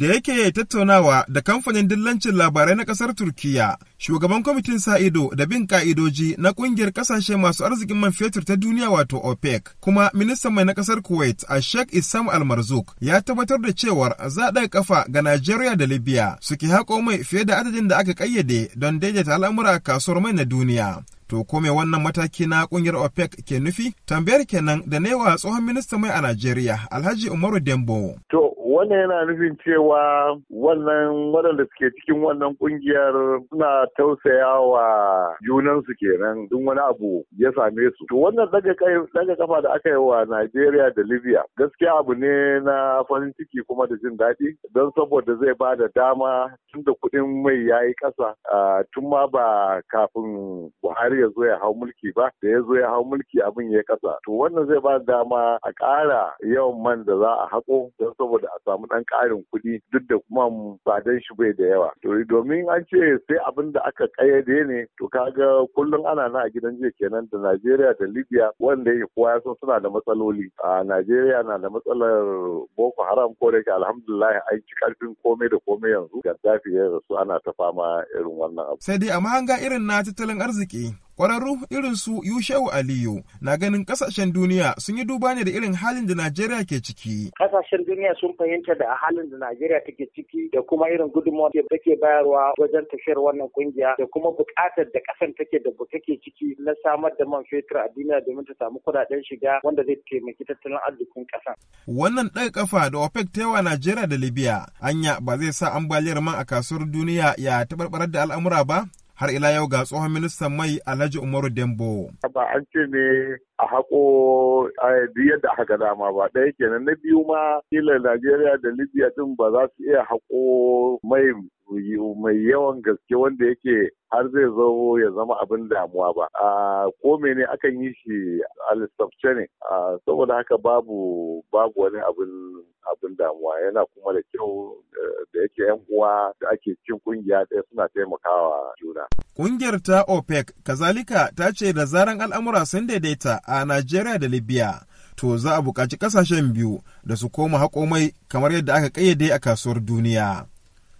da yake tattaunawa da kamfanin dillancin labarai na kasar Turkiya, shugaban kwamitin sa ido da bin ka'idoji na kungiyar kasashe masu arzikin man fetur ta duniya wato OPEC, kuma ministan mai na kasar Kuwait a Sheikh Issam almarzuk ya tabbatar da cewar za a kafa ga Najeriya da Libya suke haƙo mai fiye da adadin da aka ƙayyade don daidaita al'amura a kasuwar mai na duniya. To ko me wannan mataki na kungiyar OPEC ke nufi? Tambayar kenan da newa tsohon ministan mai a Najeriya, Alhaji Umaru Dembo. To wannan yana nufin cewa wannan waɗanda suke cikin wannan ƙungiyar suna tausayawa junansu kenan duk wani abu ya same su to wannan daga kafa da aka yi wa Najeriya da Libya gaskiya abu ne na farin ciki kuma da jin daɗi don saboda zai ba da dama tun da kuɗin mai ya yi ƙasa tun ma ba kafin Buhari ya zo ya hau mulki ba da ya zo ya hau mulki abin ya ƙasa to wannan zai ba da dama a ƙara yawan man da za a haƙo don saboda a samu ɗan ƙarin kuɗi duk da kuma badan shi bai da yawa. To domin an ce sai abin da aka ƙayyade ne to kaga kullum ana na a gidan jiya kenan da Najeriya da Libya wanda yake kowa ya san suna da matsaloli. A Najeriya na da matsalar Boko Haram ko da yake alhamdulillah an ci ƙarfin komai da komai yanzu. Gaddafi ya rasu ana ta fama irin wannan abu. Sai dai amma an ga irin na tattalin arziki kwararru irin su Yushewu Aliyu na ganin kasashen duniya sun yi duba ne da irin halin da Najeriya ke ciki. kasashen duniya sun fahimta da halin da Najeriya take ciki da kuma irin gudunmawar da take bayarwa wajen tafiyar wannan kungiya da kuma bukatar da ƙasar take da take ciki na samar da man fetur a duniya domin ta samu kuɗaɗen shiga wanda zai taimaki tattalin arzikin ƙasa. Wannan ɗaga kafa da OPEC ta yawa Najeriya da Libya anya ba zai sa ambaliyar man a kasuwar duniya ya taɓarɓarar da al'amura ba? har ila yau ga tsohon ministan mai Alhaji Umaru Dembo. Ba an ce ne a haƙo yadda aka haka dama ba ɗaya kenan na biyu ma kila Najeriya da Libya din ba za su iya haƙo mai mai yawan gaske wanda yake har zai zo ya zama abin damuwa ba. Ko mene akan yi shi a lissafce ne, saboda haka babu babu wani abin damuwa yana kuma da kyau eh, da yake yan uwa da ake cin kungiya ɗaya suna taimakawa juna. Kungiyar ta OPEC kazalika ta ce da zaran al'amura sun daidaita a Najeriya da Libya. to za a buƙaci ƙasashen biyu da su koma haƙo kamar yadda aka ƙayyade a kasuwar duniya.